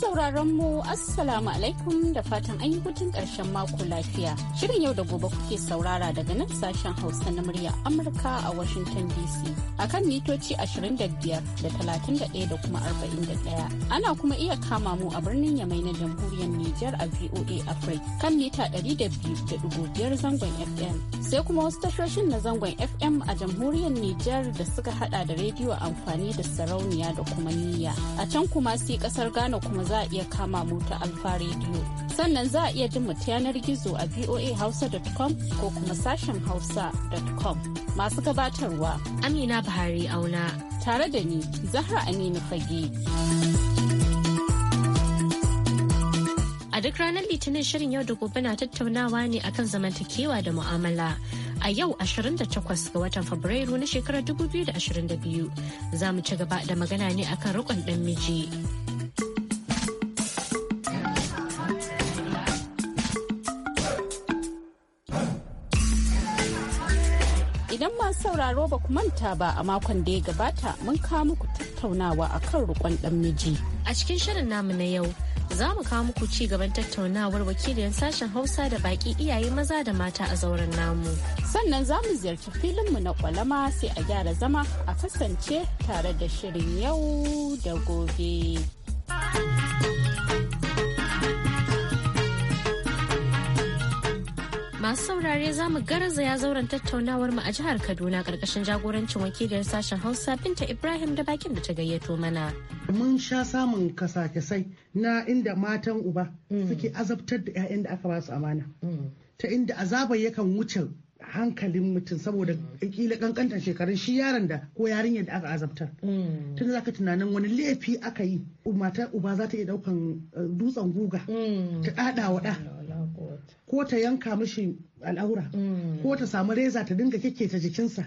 Masu sauraron mu Assalamu alaikum da fatan an yi hutun ƙarshen mako lafiya. Shirin yau da gobe kuke saurara daga nan sashen Hausa na murya Amurka a Washington DC a kan mitoci 25 da 31 da kuma 41. Ana kuma iya kama mu a birnin Yamai na jamhuriyar Nijar a VOA Africa kan mita 200.5 zangon FM. Sai kuma wasu tashoshin na zangon FM a jamhuriyar Nijar da suka hada da rediyo amfani da sarauniya da kuma niyya. A can kuma sai kasar Ghana kuma za a iya kama mu ta Alfa Radio. Sannan za a iya jin mu ta yanar gizo a voahausa.com ko kuma sashen hausa.com. Masu gabatarwa Amina Buhari Auna. Tare da ni Zahra Aminu Fage. A duk ranar Litinin shirin yau da gobe na tattaunawa ne akan zamantakewa da mu'amala. a yau 28 ga watan Fabrairu na shekarar 2022 za mu ci gaba da magana ne akan rukun dan miji. taro ba ku manta ba a makon da ya gabata mun kawo muku tattaunawa a kan rukon dan miji. A cikin shirin namu na yau za mu kawo muku ci gaban tattaunawar wakilin sashen hausa da baki iyaye maza da mata a zauren namu sannan za mu ziyarci filinmu na kwalama sai a gyara zama a kasance tare da shirin yau da gobe. masu saurare za mu ya zauren tattaunawar mu a jihar Kaduna karkashin jagorancin wakiliyar sashen Hausa Binta Ibrahim da bakin da ta gayyato mana. Mun sha samun kasa na inda matan uba mm. suke azabtar da 'ya'yan da aka ba su amana. Mm. Ta inda azaba yakan wuce hankalin mutum saboda kila mm. kankantar shekarun shi yaron da ko yarinyar da aka azabtar tun za ka tunanin wani laifi aka yi matar uba za ta iya daukan eh, dutsen guga ta ɗaɗa waɗa ko ta yanka mishi al'aura mm. ko ta samu reza ta dinga kake ta jikinsa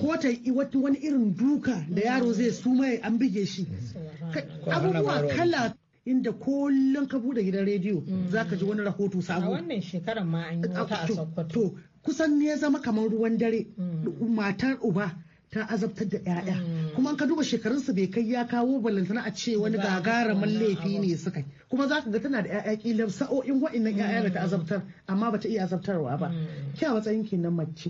ko ta yi wani irin duka da yaro zai suma an bige shi mm. abubuwa kala inda kullum ka bude gidan rediyo mm. za ka ji wani rahoto sabo a wannan shekarar ma an yi wata a sokoto kusan ne ya zama kamar ruwan dare matar uba ta azabtar da 'ya'ya mm. kuma ka duba shekarunsu bai kai ya kawo balantana a ce wani gagaramin laifi ne suka kuma za ka ga tana da 'ya'ya kila sa'o'in wainnan 'ya'ya da ta azabtar amma ba ta iya azabtarwa ba mm. kya matsayin ki na mace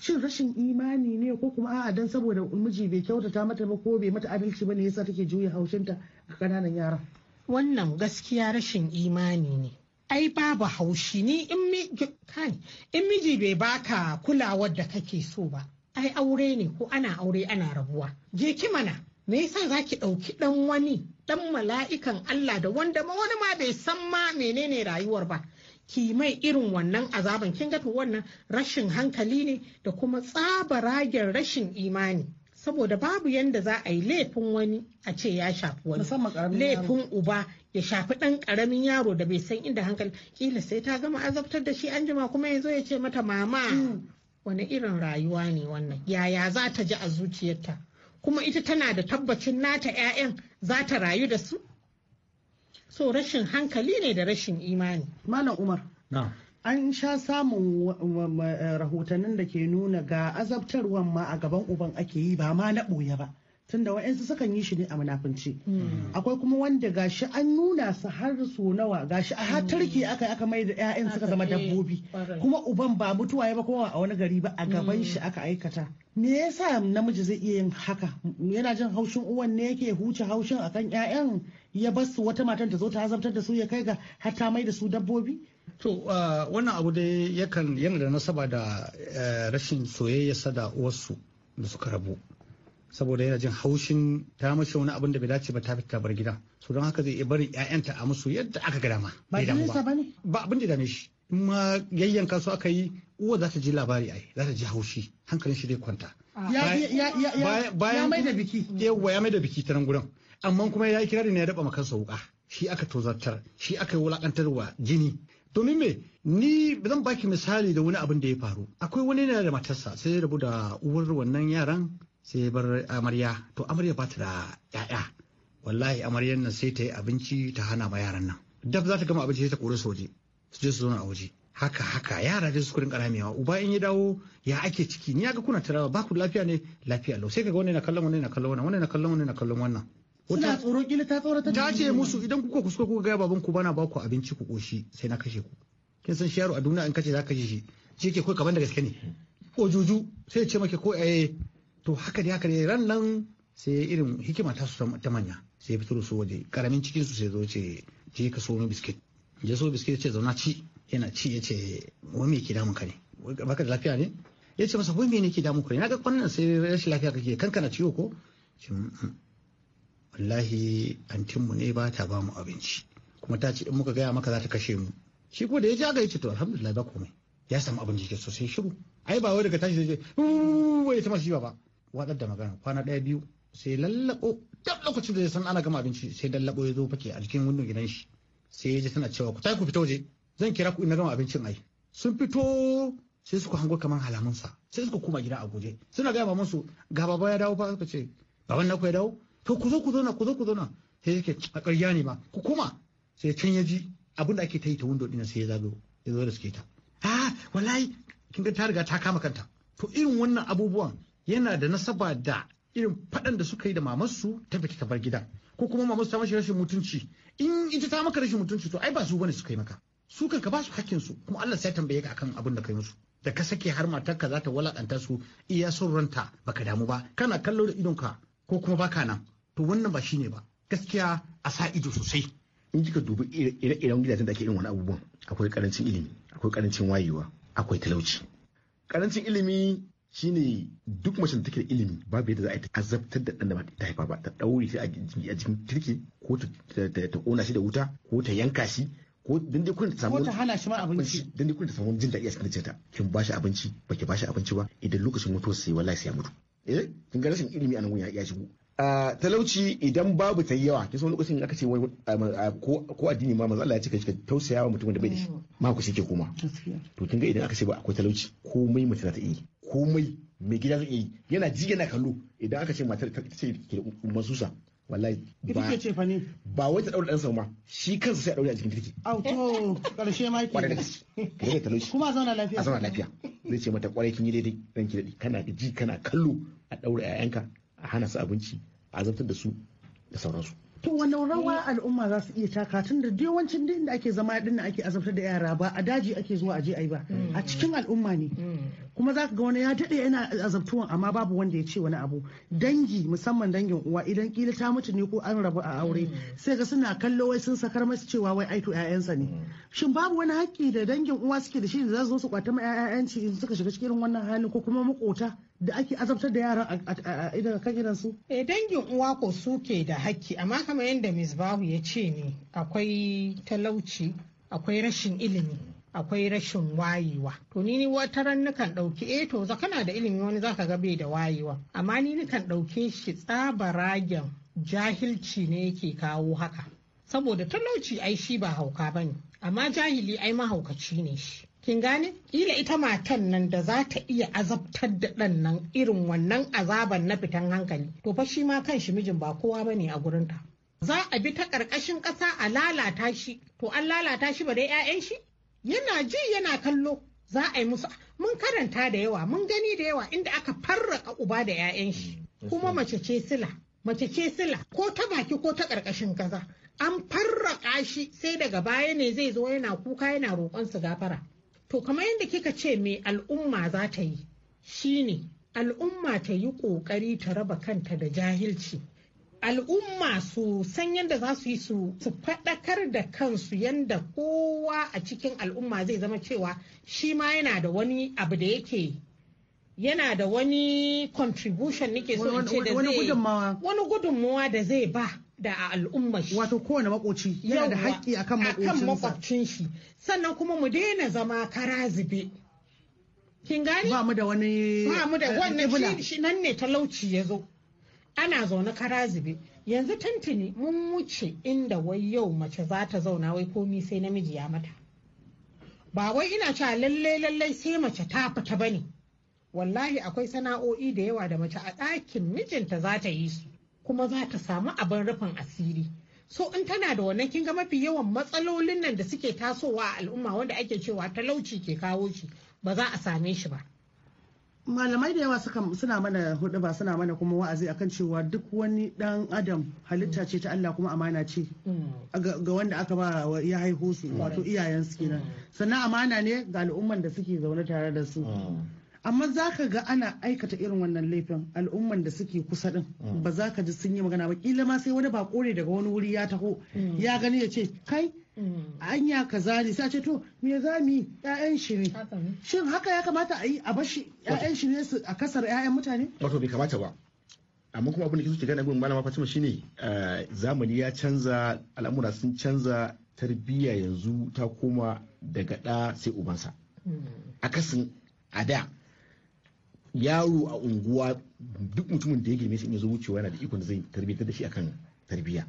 shin rashin imani ne ko kuma a'a dan saboda miji bai kyautata mata ba ko bai mata adalci ba ne yasa take juya haushinta ga kananan yara wannan gaskiya rashin imani ne ai babu haushi ni in miji bai baka kulawar da kake so ba ai aure ne ko ana aure ana rabuwa je ki mana me yasa za ki ɗauki ɗan wani ɗan mala'ikan Allah da wanda ma wani ma bai san ma menene rayuwar ba ki mai irin wannan azaban kin ga wannan rashin hankali ne da kuma tsaba ragen rashin imani saboda babu yanda za a yi laifin wani a ce ya shafi wani laifin uba ya shafi ɗan ƙaramin yaro da bai san inda hankali kila sai ta gama azabtar da shi an jima kuma ya zo ya ce mata mama mm. wani irin rayuwa ne wannan yaya za ta ji a zuciyarta kuma ita tana da tabbacin nata 'ya'yan za ta rayu da su so rashin hankali ne da rashin imani malam umar an sha samun rahotannin da ke nuna ga azabtarwan ma a gaban uban ake yi ba ma na ɓoye ba tunda waɗansu sukan yi shi ne a munafunci hmm. akwai kuma wanda gashi an nuna su har su nawa gashi a hatarki hmm. tarki aka aka mai da ƴaƴan suka zama eh, dabbobi kuma uban ba mutuwa ya ba kuma a wani gari ba a gaban hmm. shi aka aikata me yasa namiji zai iya yin haka yana jin haushin uwan ne yake huce haushin akan ƴaƴan ya bar su wata matan ta zo ta azabtar da su ya kai ga har ta mai da su dabbobi To uh, wannan abu dai yakan yana da nasaba da eh, rashin soyayya sada uwarsu da suka rabu. saboda yana jin haushin ta mashi wani abin da bai dace ba ta fita bar gida so don haka zai iya barin ƴaƴanta a musu yadda aka ga dama ba ba abin da dame shi in ma yayyanka su aka yi uwa za ta ji labari ai za ta ji haushi hankalin shi zai kwanta ah. ya mai da biki yawa ya mai da biki ta nan gudan amma kuma ya yi kirari ne ya daba makansa wuka shi aka tozartar shi aka yi wulakantarwa jini domin me ni zan baki misali da wani abin da ya faru akwai wani yana da matarsa sai ya rabu da uwar wannan yaran sai bar amarya to amarya ba ta da 'ya'ya wallahi amaryar nan sai ta yi abinci ta hana ma yaran nan dab za ta gama abinci sai ta kore su waje su je su zo a waje haka haka yara dai su kurin karamewa uba in ya dawo ya ake ciki ni ga kuna tarawa ba ku lafiya ne lafiya lau sai kaga wani na kallon wani na kallon wannan wani na kallon wani na kallon wannan suna tsoro kila ta tsorata ta ce musu idan ku kuskure kuka ga baban ku bana ba ku abinci ku koshi sai na kashe ku kin san shi yaro a duniya in kace za ka ji shi shi ke kai kaman da gaske ne ko juju sai ya ce maka ko eh to haka ne haka ne ran nan sai irin hikima ta su ta manya sai fitar da su waje karamin cikin su sai zo ce je ka so biskit je so biskit ce zauna ci yana ci ya ce wai me ke damun ka ne baka da lafiya ne ya ce masa wai me ne ke damun ka ne naga wannan sai rashin lafiya kake kankana ciwo ko wallahi timmu ne ba ta ba mu abinci kuma ta ce in muka gaya maka za ta kashe mu shi ko da ya ji ya yace to alhamdulillah ba komai ya samu abin da sosai shiru ai ba wai daga tashi zai ce wai ta masu ba watsar da magana kwana ɗaya biyu sai lallabo duk lokacin da ya san ana gama abinci sai lallabo ya zo fake a jikin wannan gidan shi sai ya ji tana cewa ku tafi ku fita waje zan kira ku ina gama abincin ai sun fito sai suka hango kaman sa sai suka koma gida a guje suna gaya ba su ga baba ya dawo fa suka ce baban na ku ya dawo to ku zo ku na ku zo ku na sai yake a ƙarya ne ma ku koma sai can ji abin da ake ta yi ta windo ɗin sai ya zago ya zo da suke ta ah wallahi kin ga ta riga ta kama kanta to irin wannan abubuwan yana da nasaba da irin faɗan da suka yi da mamarsu ta fita ta bar gida, ko kuma mamarsu ta mashi rashin mutunci in ita ta maka rashin mutunci to ai ba su bane suka yi maka su kanka ba su hakkin su kuma Allah sai tambaye ka akan abin da kai musu da ka sake har matarka za ta walakanta su iya son ranta baka damu ba kana kallo da idonka ko kuma baka nan to wannan ba shine ba gaskiya a sa ido sosai in kika dubi ire-iren gidajen da ake irin wani abubuwan akwai karancin ilimi akwai karancin wayewa akwai talauci karancin ilimi shine duk mace da take da ilimi babu yadda za a yi ta azabtar da ɗan da ta haifa ba ta ɗaure shi a jikin kirki ko ta ƙona shi da wuta ko ta yanka shi ko dan dai kun ta samu ko ta hana shi ma abinci dan dai kun ta samu jin daɗi a cikin ta kin ba shi abinci baki ba shi abinci ba idan lokacin mutuwar sai wallahi sai ya mutu eh kin ga rashin ilimi a nan ya ya shigo a talauci idan babu ta yawa kin san lokacin aka ce ko addini ma manzo Allah ya ce ka tausayawa mutumin da bai da shi ma ku shi ke koma to kin ga idan aka ce ba akwai talauci komai za ta yi komai mai gida zai yi yana ji yana kallo idan aka ce matar ta ce ke masusa wallahi ba ce fa ne ba wai ta daura dan sama shi kansa sai a daura a cikin kirki au to karshe ma ke kwarai da talauci kuma zauna lafiya a zauna lafiya zai ce mata kwarai kin yi daidai dan ki dadi kana ji kana kallo a daura yayanka a hana su abinci a azabtar da su da sauransu To wannan rawa al'umma za su iya taka tun da yawancin da ake zama din ake azabtar da yara ba a daji ake zuwa a je ai ba mm. a cikin al'umma ne mm. kuma za ka ga wani ya daɗe yana azabtuwan amma babu wanda ya ce wani abu dangi musamman dangin uwa idan kila ta mutu ne ko an rabu a aure mm. sai ga suna kallo wai sun sakar masu cewa wai aito ƴaƴansa ne mm. shin babu wani haƙƙi da dangin uwa suke da shi da za su zo su kwata ma ƴaƴanci in suka shiga cikin wannan halin ko kuma makota da ake azabtar da yaran a idan ka gidan su eh dangin uwa ko suke da haƙƙi amma kamar yadda Ms. Bahu ya ce ne akwai talauci akwai rashin ilimi akwai rashin wayewa to ni ni wata ran nakan ɗauki eh to za kana da ilimi wani zaka ga bai da wayewa amma ni nakan ɗauke shi tsaba ragen jahilci ne yake kawo haka saboda talauci ai shi ba hauka bane amma jahili ai mahaukaci ne shi kin gane kila ita matan nan da za ta iya azabtar da ɗan nan irin wannan azaban na fitan hankali to fa shi ma kan shi mijin ba kowa bane a gurinta za a bi ta ƙarƙashin ƙasa a lalata shi to an lalata shi ba dai 'ya'yan shi yana ji yana kallo za a yi musu mun karanta da yawa mun gani da yawa inda aka farraka uba da 'ya'yan shi mm, kuma mace ce sila mace ce sila ko ta baki ko ta ƙarƙashin kaza an farraka shi sai daga baya ne zai zo yana kuka yana roƙon su gafara to kamar yadda kika ce me al'umma za ta yi shine al'umma ta yi ƙoƙari ta raba kanta da jahilci al'umma su san yadda za su yi su faɗakar da kansu yadda kowa a cikin al'umma zai zama cewa shi ma yana da wani abu da yake yana da wani contribution nake so in ce da zai wani gudunmawa da zai ba da a al'umma shi wato kowane makoci yana da haƙƙi akan makocin shi sannan kuma mu daina zama kara zube kin gani ba mu da wani ba mu da eh, wannan shi nan ne talauci ya zo ana zaune kara zube yanzu tantini mun wuce inda wai yau mace za ta zauna wai komi sai namiji ya mata ba wai ina cewa lallai lallai sai mace ta fita bane wallahi akwai sana'o'i da yawa da mace a ɗakin mijinta za ta yi su kuma za ta samu abin rufin asiri so in tana da wannan kin ga mafi yawan matsalolin nan da suke tasowa a al'umma wanda ake cewa talauci ke kawo shi ba za a same shi ba malamai da yawa suna mana hudu ba suna mana kuma wa'azi akan cewa duk wani dan adam halitta mm. ce ta Allah kuma amana ce mm. ga wanda aka ba ya haihu su mm. wato iyayen su kenan sannan amana ne ga al'umman da suke zaune tare da su amma za ka ga ana aikata irin wannan laifin al'umman da suke kusa din ba za ka ji sun yi magana ba kila ma sai wani ba kore daga wani wuri ya taho ya gani ya ce kai Mm. anya ka za sai ce to me za mu yi ƴaƴan shi ne shin haka ya kamata a yi a bashi ƴaƴan shi ne su a kasar ƴaƴan mutane wato bai kamata ba amma kuma abin da kike gane gurin malama Fatima shine eh, zamani ya canza al'amura sun canza tarbiyya yanzu ta koma daga ɗa sai ubansa mm. akasin a da yaro a unguwa duk mutumin da ya girme shi in ya wucewa yana da ikon da zai tarbiyyar da shi akan tarbiyya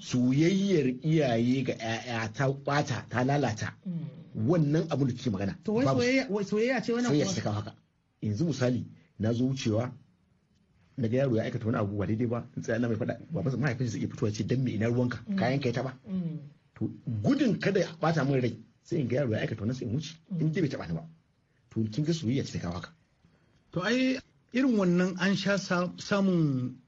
soyayyar iyaye ga 'ya'ya ta bata ta lalata mm. wannan abin da kike magana to wai soyayya ce wannan soyayya ce haka yanzu misali na zo wucewa na ga yaro ya aikata wani abu ba daidai ba in tsaya na mai fada ba ba mahaifinsa zai iya fitowa ce dan me ina ruwanka mm. kayan kai ta ba mm. to gudun kada ya bata min rai sai in ga yaro ya aikata wani sai in wuce in dai bai taba ni ba to kin ga soyayya ce ta kawo haka to ai irin wannan an sha samun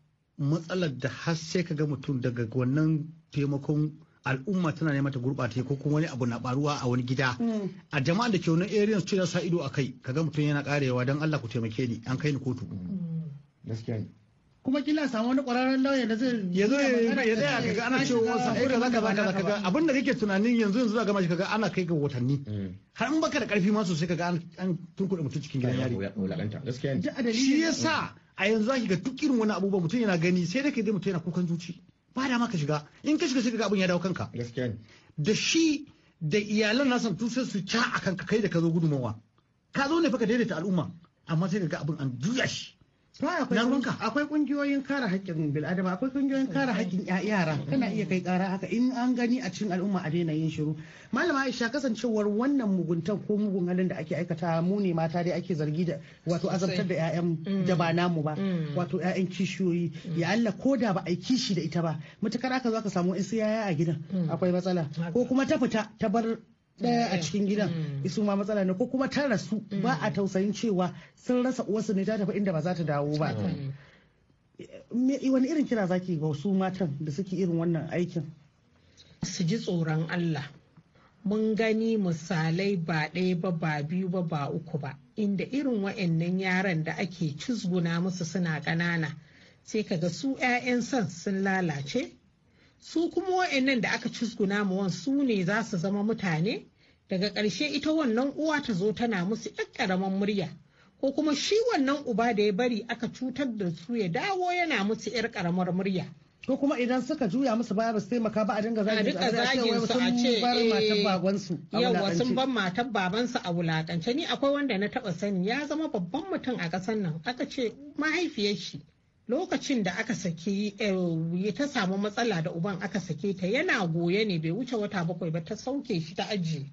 matsalar da har sai ka ga mutum daga wannan taimakon al'umma tana nema ta gurɓata ko kuma wani abu na baruwa a wani gida mm. a jama'a da ke wani area su ce sa ido a kai kaga mutum yana karewa don Allah ku taimake ni an kai ni kotu mm. kuma kila samu wani kwararren lauya da zai ya zo ya tsaya kaga ana cewa sai kaza kaza ka kaga abin da kake tunanin yanzu yanzu za ka ga kaga ana kai ga watanni mm. har in baka da karfi ma sosai kaga an tunkuɗe mutum cikin gidan yari shi yasa a yanzu za ki ga duk irin wani abubuwa mutum yana gani sai dai ka dai mutum yana kukan zuci ba da ma ka shiga in ka shiga sai ka abin ya dawo kanka gaskiya ne da shi da iyalan nasa tun sai su ca a kanka kai da ka zo gudunmawa ka zo ne fa ka daidaita al'umma amma sai ka ga abin an juya shi akwai kungiyoyin kare haƙƙin bil'adama akwai kungiyoyin kare haƙƙin yara kana iya kai ƙara haka in an gani a cikin al'umma a daina yin shiru malama aisha kasancewar wannan muguntan ko mugun halin da ake aikata mu ne mata dai ake zargi da wato azabtar da ƴaƴan mm. da ba namu ba mm. wato ƴaƴan kishiyoyi mm. ya Allah ko da ba a kishi da ita ba mutakar aka zo ka samu in yaya a gidan akwai matsala ko kuma ta fita ta bar daya a mm. cikin gidan mm. isu ma matsala ne ko kuma ta rasu ba a mm. tausayin cewa sun rasa uwarsu ne ta tafi inda ba za ta dawo ba wani irin kira zaki ga wasu matan da suke irin wannan aikin su ji tsoron Allah mun gani misalai ba ɗaya ba ba biyu ba ba uku ba inda irin wa'annan yaran da ake cizguna musu suna ƙanana sai kaga su 'ya'yan son sun lalace su kuma wa'annan da aka cizguna namuwan su ne za su zama mutane daga ƙarshe ita wannan uwa ta zo tana musu ƴan ƙaramin murya ko kuma shi wannan uba da ya bari aka cutar da su ya dawo yana musu ƴar ƙaramar murya ko kuma idan suka juya musu baya ba su taimaka ba a dinga zagin su a ce bar eh, matan babansu yawa sun ban matan babansu a wulakance ni akwai wanda na taba sani ya zama babban mutum a ƙasar nan aka ce mahaifiyar shi lokacin da aka saki eh, ta samu matsala da uban aka sake ta yana goye ne bai wuce wata bakwai ba ta sauke shi ta aji.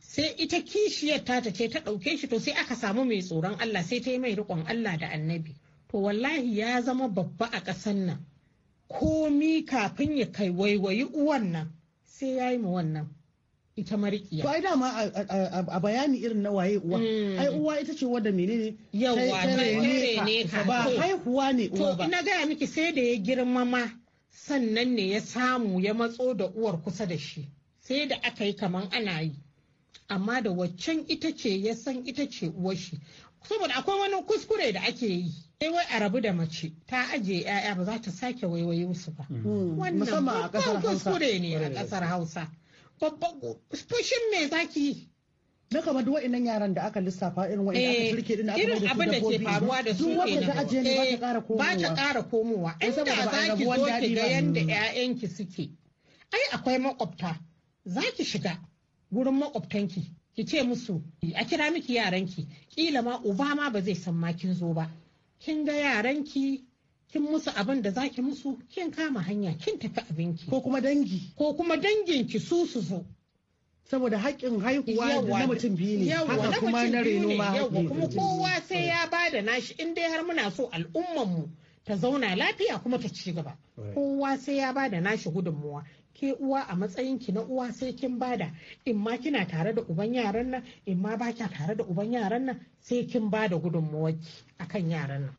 sai ita kishiyar ta ta ce ta ɗauke shi to sai aka samu mai tsoron Allah sai ta yi mai rikon Allah da annabi to wallahi ya zama babba a ƙasan nan komi kafin ya kai waiwayi uwan nan sai ya yi mu wannan ita marikiya. To ai dama a bayani irin na waye uwa. Mm. Ai uwa ita ce wadda menene yawa ne ka ba haihuwa ne uwa ba. To ina gaya miki sai da ya girma ma sannan ne ya samu ya matso da uwar kusa da shi. Sai da aka yi kaman ana yi. Amma da waccan ita ce ya san ita ce uwar shi. Saboda akwai wani kuskure da ake yi. sai wai a rabu da mace ta ajiye 'ya'ya ba za ta sake waiwayo su ba. Mm. Wannan kuskure ne a ƙasar Hausa. fushin me zaki yi na kama duwa inan yaran da aka lissafa irin da aka shirke eh, din aka irin da ke faruwa da su kenan duk wanda za a je ne ba ta eh, ƙara komowa ba ta ƙara komowa inda za ki zo ki ga yanda ƴaƴanki suke ai akwai makwabta za ki shiga wurin makwabtanki ki ce musu a kira miki yaranki kila ma uba ma ba zai san ma kin zo ba kin ga yaranki kin musu abin da zaki musu kin kama hanya kin tafi abinki ko kuma dangi ko kuma dangin ki su su zo saboda haƙƙin haihuwa da na mutum biyu ne haka kuma na reno ma kuma kowa sai ya bada nashi in dai har muna so al'umman mu ta zauna lafiya kuma ta ci gaba kowa sai ya bada nashi gudunmuwa ke uwa a matsayin ki na uwa sai kin bada in ma kina tare da uban yaran nan in ma ba tare da uban yaran nan sai kin bada ki akan yaran nan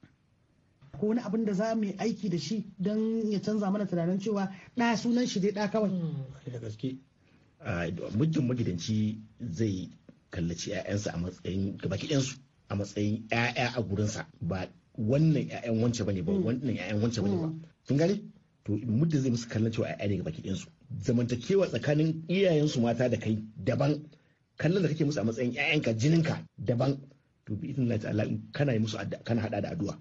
ko wani abin da za mu yi aiki da shi don ya canza mana tunanin cewa ɗa sunan shi dai ɗa kawai. Hmm. da gaske muddin magidanci zai kallaci 'ya'yansa a matsayin gabaki ɗansu a matsayin 'ya'ya a gurinsa ba wannan 'ya'yan wance bane ba hmm. wannan 'ya'yan wance bane ba hmm. kin gane to muddin zai musu kallon cewa 'ya'ya ne gabaki ɗansu zamantakewa tsakanin iyayensu mata da kai daban kallon da kake musu a matsayin 'ya'yanka jininka daban to bi idan Allah ta'ala kana yi musu kana hada da addu'a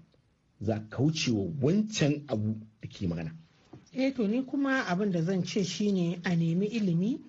za ka wucewa wancan abu da ke magana eh to ni kuma abin da zan ce shine a nemi ilimi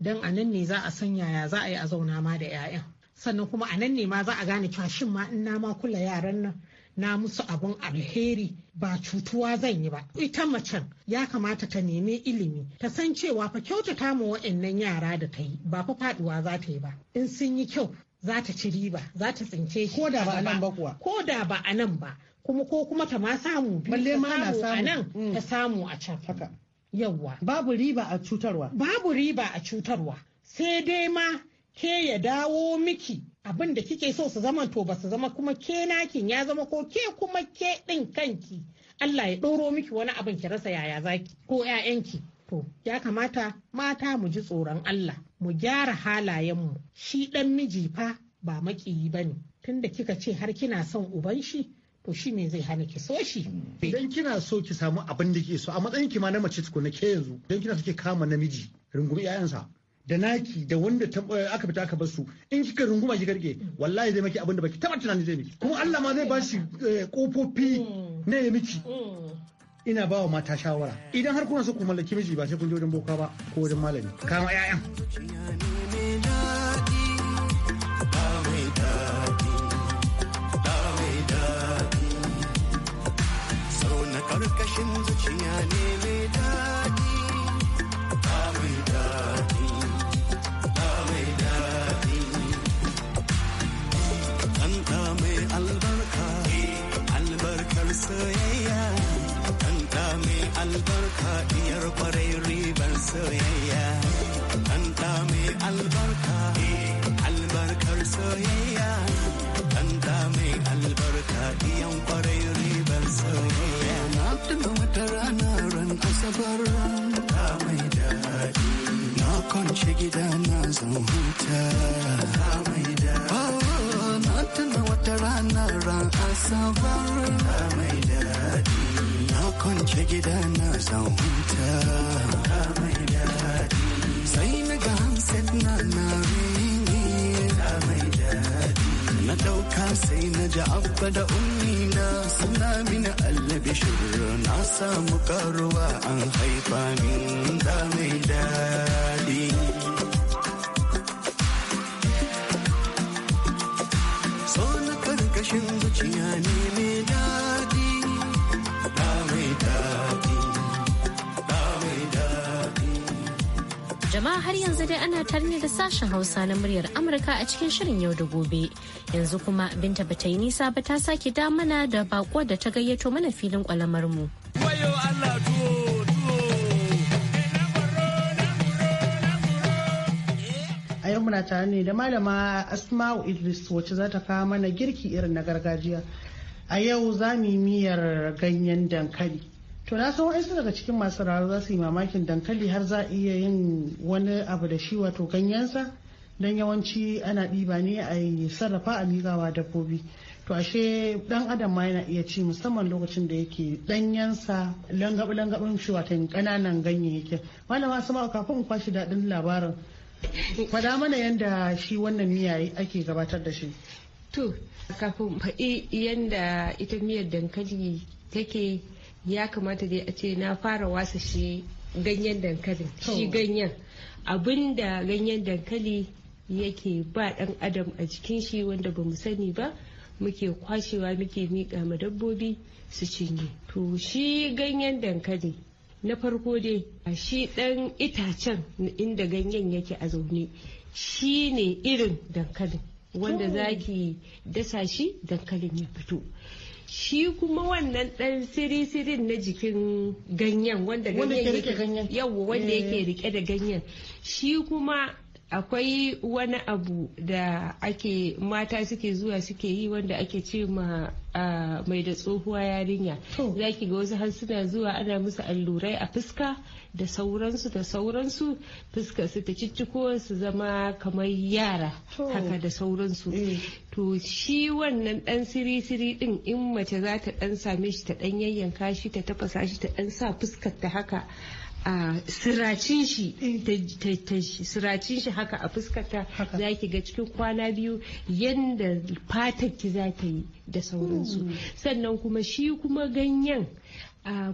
don a nan ne za a san yaya za a yi a zauna ma da 'ya'yan sannan kuma a nan ne ma za a gane cewa shin ma in na ma kula yaran nan na musu abun alheri ba cutuwa zan yi ba ita macen ya kamata ta nemi ilimi ta san cewa fa kyautata ma wa'annan yara da ta yi ba fa faduwa za ta yi ba in sun yi kyau za ta ci riba za ta tsince shi ko da ba a nan ba ko da ba a nan ba kuma ko kuma ta ma samu biyu na samu a mm. ta samu a can yawwa babu riba a cutarwa babu riba a cutarwa sai dai ma ke ya dawo miki abin da kike so su zama to ba su zama kuma ke nakin ya zama ko ke kuma ke ɗin kanki Allah ya ɗoro miki wani abin ki rasa yaya zaki ko ƴaƴanki to ya kamata mata mu ji tsoron Allah mu gyara halayen mu shi ɗan miji fa ba maƙiyi bane tunda kika ce har kina son uban shi to shi me zai hana ki so shi idan kina so ki samu abin da ke so a matsayin ki ma na mace tukuna ke yanzu idan kina so ki kama namiji rungumi 'ya'yansa da naki da wanda eh, aka fita aka bar su in kika runguma ki rike wallahi zai maki abin da baki taba tunani zai miki kuma Allah ma zai ba shi kofofi eh, na ya miki ina ba wa mata shawara idan har kuna so ku mallaki miji ba sai kun je wajen boka ba ko wajen malami kama 'ya'yan cikin zuciya ne mai daɗi ba mai daɗi ba mai daɗi ɗanɗa mai albarka albarkar soyayya ɗanɗa mai albarka diyar kwarai ribar soyayya ɗanɗa mai albarka albarkar soyayya ɗanɗa mai albarka diyan kwarai ribar ka bar na kwance gida na zan huta ta mai na tuna wata rana ran asabar ta na kwance gida na zan huta ta mai daɗi sai na ga hamsin na na rini ta mai na ɗauka sai na ji abba da ummina suna mini allabi shirin na samu karuwa an haifa min da mai daɗi har yanzu dai ana tarni da sashen Hausa na muryar Amurka a cikin shirin yau da gobe. Yanzu kuma Binta ba ta yi nisa ba ta sake da da bako da ta gayyato mana filin kwalamar mu. A yau muna tare ne da malama Asma'u Idris wacce za ta kawo mana girki irin na gargajiya. A yau za mu yi miyar ganyen dankali. to na san wa'ansu daga cikin masu raro za su yi mamakin dankali har za a iya yin wani abu da shi wato ganyensa don yawanci ana ɗiba ne a yi sarrafa a miƙawa dabbobi to ashe dan adam ma yana iya ci musamman lokacin da yake ɗanyensa langabu langabun shi wato ƙananan ganye ganyayyaki malama sama kafin in kwashe daɗin labarin faɗa mana yadda shi wannan miya ake gabatar da shi to kafin faɗi yadda ita miyar dankali take ya kamata dai a ce na fara wasa shi ganyen dankalin shi ganyen abin da ganyen dankali yake ba dan adam a jikin shi wanda ba mu sani ba muke kwashewa muke miƙa ma dabbobi su cinye to shi ganyen dankali na farko dai a shi ɗan itacen inda ganyen yake a zaune shi ne irin dankalin wanda zaki dasa shi dankalin ya fito shi kuma wannan dan siri-sirin na jikin ganyen wanda ganyen yake yawo wanda eh. yake rike da ganyen shi kuma akwai wani abu da ake mata suke zuwa suke yi wanda ake ce ma mai da tsohuwa yarinya zaki za ki ga wasu har suna zuwa ana musu allurai a fuska da sauransu da sauransu fuska su ta cicciko su zama kamar yara haka da sauransu eh. to shi wannan dan siri-siri din in mace za ta dan same shi ta dan yayyanka shi ta tafasa shi ta dan sa fuskar ta haka a siracin shi eh. siracin shi haka a fuskata za ki ga cikin kwana biyu yadda fatar ki za ta yi da sauransu hmm. sannan kuma shi kuma ganyen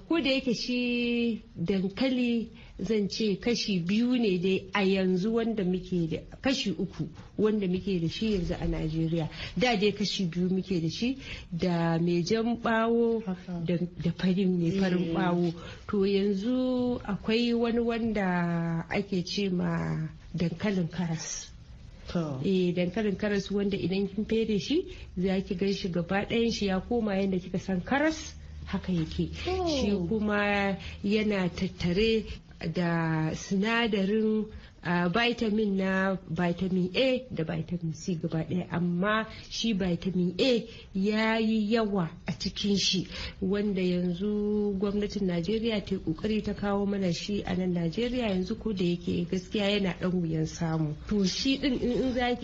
ko da yake shi dankali zan ce kashi biyu ne dai a yanzu wanda muke da kashi uku wanda muke da shi yanzu a najeriya da dai kashi biyu muke da shi da mai jan bawo da farin mai farin bawo to yanzu akwai wani wanda ake ce ma dankalin karas eh dankalin karas wanda idan kin fere shi za ki gan shi gaba ɗayan shi ya koma yadda kika san karas haka yake shi kuma yana tattare da sinadarin vitamin na vitamin a da vitamin c gaba ɗaya amma shi vitamin a ya yi yawa a cikin shi wanda yanzu gwamnatin najeriya ta kokari ta kawo mana shi a nan najeriya yanzu ko da yake gaskiya yana ɗan wuyan samu to shi ɗin in za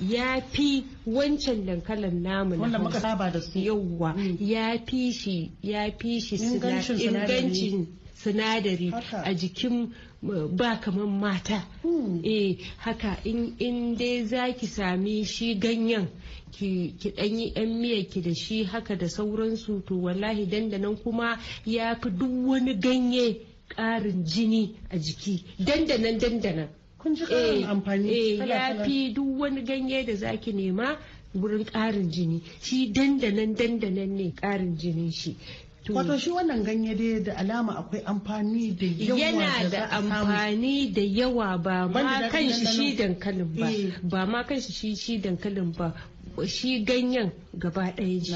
ya fi wancan dankalin namu wanda muka saba da su yawa ya fi shi ya fi shi ingancin sinadari a jikin eh, ba kaman mata hmm. eh haka in dai za ki sami shi ganyen ki ɗanyi yan miya ki da shi haka da sauransu to wallahi dandanan kuma ya fi duk wani ganye ƙarin jini a jiki dandanan dandanan kun eh, eh, ya fi duk wani ganye da zaki nema wurin ƙarin jini shi dandanan dandanan ne ƙarin jinin shi Wato shi wannan ganye dai da alama akwai amfani da yawa Yana da amfani da yawa ba ma kan shi shi dankalin ba. Eh. Ba ma kan shi shi shi dankalin ba. Shi ganyen gaba ɗaya ji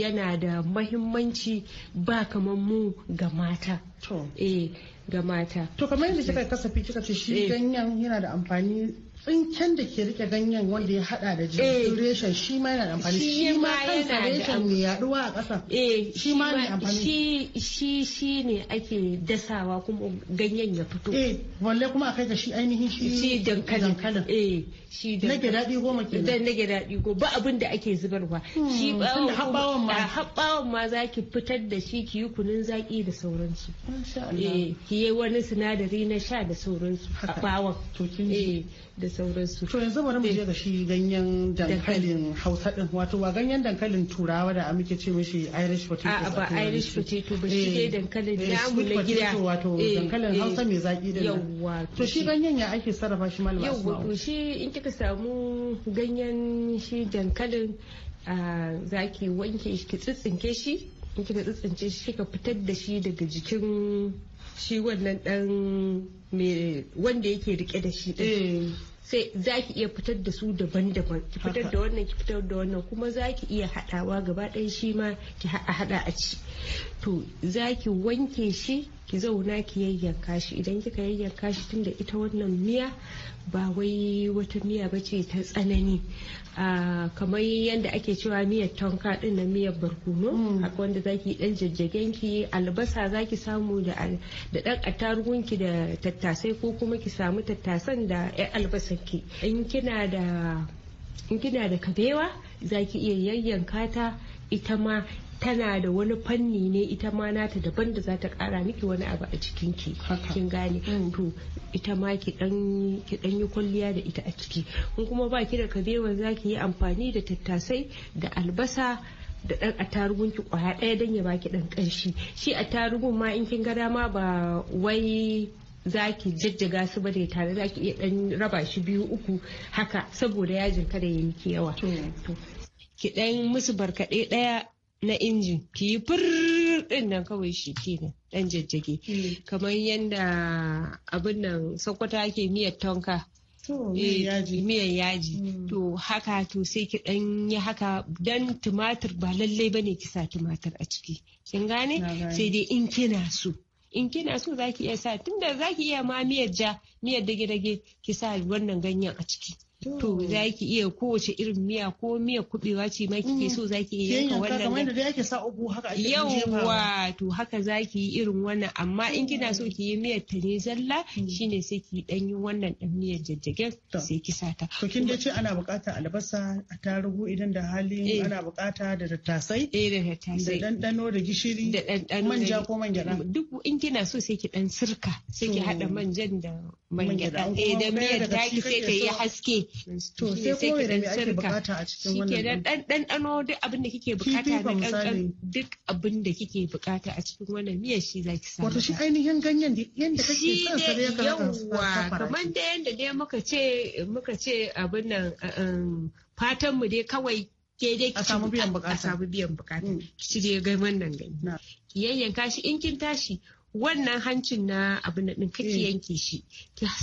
yana da mahimmanci ba kamar mu ga mata. To. Eh ga mata. To kamar yadda kika kasafi kika ce shi eh. ganyen yana da amfani tsinken da ke rike ganyen wanda ya hada da jikin eh. reshen shi ma yana amfani shi ma da reshen mai yaduwa a kasa eh, shi ma ne amfani shi shi ne ake dasawa kuma ganyen ya fito eh walle kuma akai ga shi ainihin shi shi dankalin eh shi dankalin nake dadi goma ke dan nake dadi go ba abin da ake zubarwa hmm, shi bawon habbawan ma habbawan ma zaki fitar da shi ki yi kunun zaki da sauransu eh ki yi wani sinadari na sha da sauransu a to kin da sauransu. To yanzu bari mu je ga shi ganyen dankalin Hausa din wato wa ganyen dankalin Turawa da muke ce mishi Irish potato. A'a ba Irish potato ba shi eh, dai dankalin namu eh, na gida. wato eh, dankalin Hausa mai zaki da Yawwa. To shi ganyen ya ake sarrafa shi malama. Yawwa to shi in kika samu ganyen shi dankalin zaki wanke shi ki tsitsinke shi in kika tsitsince shi kika fitar da shi daga jikin shi wannan dan wanda yake rike da shi eh. sai za ki iya fitar da su daban-daban ki fitar da wannan ki fitar da wannan kuma za ki iya haɗawa gaba ɗaya shi ma ki haɗa a ci to za ki wanke shi ki zauna ki yayyanka shi idan kika yayyanka shi tunda ita wannan miya ba wai wata miya ba ce ta tsanani ah, kamar yadda ake cewa miyar tonka din na miyar barkono haka mm. wanda zaki dan jajjagen ki albasa zaki samu da dan attarugun ki da tattasai ko kuma ki samu tattasan da yan albasan ki in kina da in kina da kabewa zaki iya yayyanka ta ita ma tana da wani fanni ne ita ma nata daban da za ta kara miki wani abu a cikin ki kin gane mm. to ita ma ki dan ki dan yi kwalliya da ita a ciki kun kuma ba ki da kabewa za ki yi amfani da tattasai da albasa da dan attarugun ki kwaya daya dan ya baki dan kanshi shi attarugun ma in kin ga dama ba wai za ki jajjaga su ba da tare za ki iya dan raba shi biyu uku haka saboda yajin kada ya miki yawa ki dan musu barkade ɗaya na injin ki yi furr din nan kawai shi nan dan jajjage hmm. kamar yadda abin nan sokoto ake miyar tonka eh, miyar yaji hmm. to haka to sai ki dan yi haka dan tumatir ba lallai bane ki sa tumatir a ciki kin gane sai dai in kina so in kina so zaki iya sa tunda zaki iya ma miyar ja miyar dage-dage ki sa wannan ganyen a ciki to za ki iya kowace irin miya ko miya kubewa ce ma kike mm. so za ki iya yanka wannan kamar yadda yake sa haka ake to haka za ki yi irin wannan amma in mm. kina so ki yi miyar ta ne zalla mm. shine sai ki dan yi wannan dan miyar jajjagen sai ki sata to kin dai ce ana bukata albasa a tarugu idan da hali eh. ana bukata da tattasai eh da tattasai da dandano da gishiri da dandano manja ko man gyaɗa. duk in kina so sai ki dan sirka sai ki hada manjan da man gyada eh da miyar daki sai ta yi haske to sai ko kuma idan ake bukata a cikin wannan shikenan dan dan dano duk abin da kike bukata na kankan duk abin da kike bukata a cikin wannan miyar shi zaki samu wato shi ainihin ganyen da yanda kake son sa ya kamata kamar da yanda dai muka ce muka ce abin nan eh, eh, fatan mu dai kawai ke dai ki samu biyan bukata a samu biyan bukata ki dai ga wannan gani ki yayyanka shi in kin tashi wannan hancin na abu na ɗin kake eh. yanke shi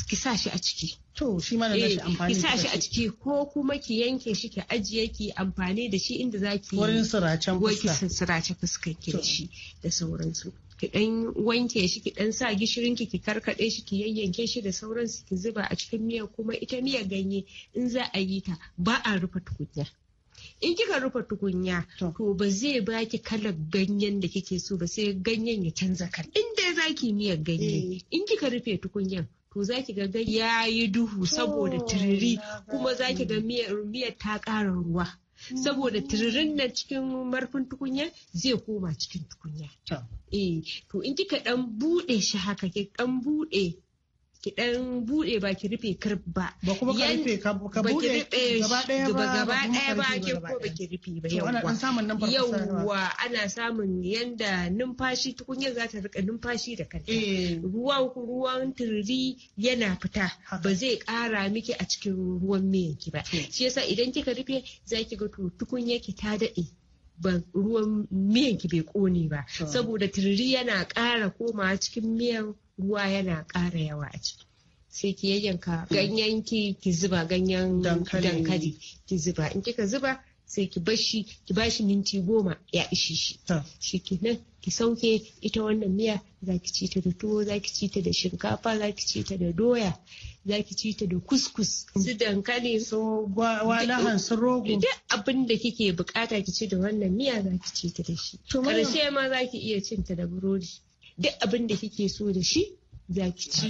ki sa shi a ciki to shi mana nashi eh, amfani ki sa shi a ciki ko kuma ki yanke shi ki ajiye ki amfani da shi inda zaki wurin siracen fuska wurin siracen fuska ki da shi da sauransu ki dan wanke shi ki dan sa gishirin ki ki karkade shi ki yayyanke shi da sauransu ki zuba a cikin miya kuma ita miya ganye in za a yi ta ba a rufe tukunya in kika rufe tukunya to ba zai baki kalar ganyen da kike so ba sai ganyen ya canza kala in dai zaki miyar ganye eh. in kika rufe tukunyar to za ki ga ganye ya yi duhu saboda tiriri kuma za ga miyar ta ƙara ruwa saboda mm. tiririn nan cikin marfin tukunya zai koma cikin tukunya. Eh, to in kika dan bude shi haka ki dan bude ki dan bude ba ki rufe kirf ba ba kuma ka rufe ka bude gaba daya ba gaba daya ba ki ko ba ki rufe ba yawa ana samun nan yawa ana samun yanda numfashi tukunya za ta rika numfashi da kanta eh. ruwan ruwan turri yana fita ba zai kara miki a cikin ruwan miyan ki ba shi yasa idan kika rufe zaki ga tukunya ki ta dade ruwan miyan ki bai kone ba saboda turri yana kara komawa cikin miyan ruwa yana ƙara yawa a ciki sai ki yayyanka ganyen ki ki zuba ganyen dankali ki zuba in kika zuba sai ki bashi ki bashi minti goma ya ishi shi shi nan ki sauke ita wannan miya za ki ci ta da tuwo za ki ci ta da shinkafa za ki ci ta da doya za ki ci ta da kuskus su dankali su walahan su rogo duk abin da kike bukata ki ci da wannan miya za ki ci ta da shi karshe ma za ki iya cin ta da burodi duk abin da kike so da shi za ki ci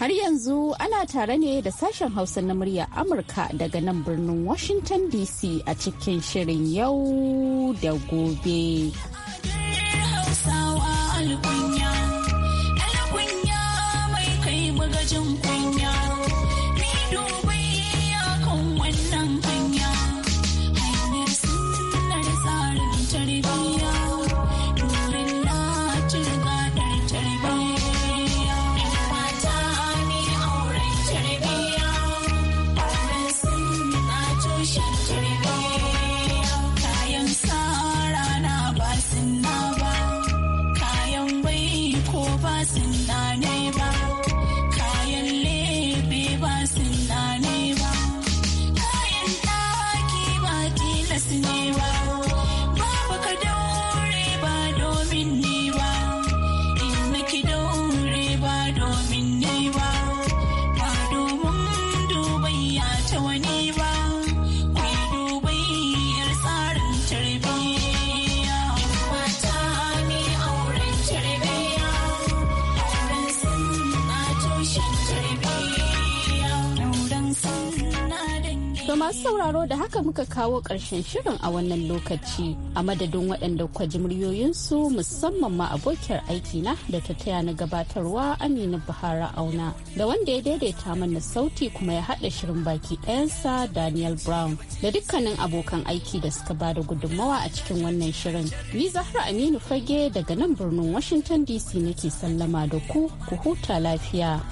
Har yanzu ana tare ne da sashen Hausa na murya Amurka daga nan birnin Washington DC a cikin shirin yau da gobe. Hausawa Masu sauraro da haka muka kawo ƙarshen shirin a wannan lokaci a madadin waɗanda kwa musamman ma abokiyar aikina da ta taya na gabatarwa Aminu Buhari Auna da wanda ya daidaita mana sauti kuma ya haɗa shirin baki ɗayansa Daniel Brown da dukkanin abokan aiki da suka bada gudunmawa a cikin wannan shirin. Ni Zahra Aminu Fage daga nan birnin Washington DC nake sallama da ku ku huta lafiya.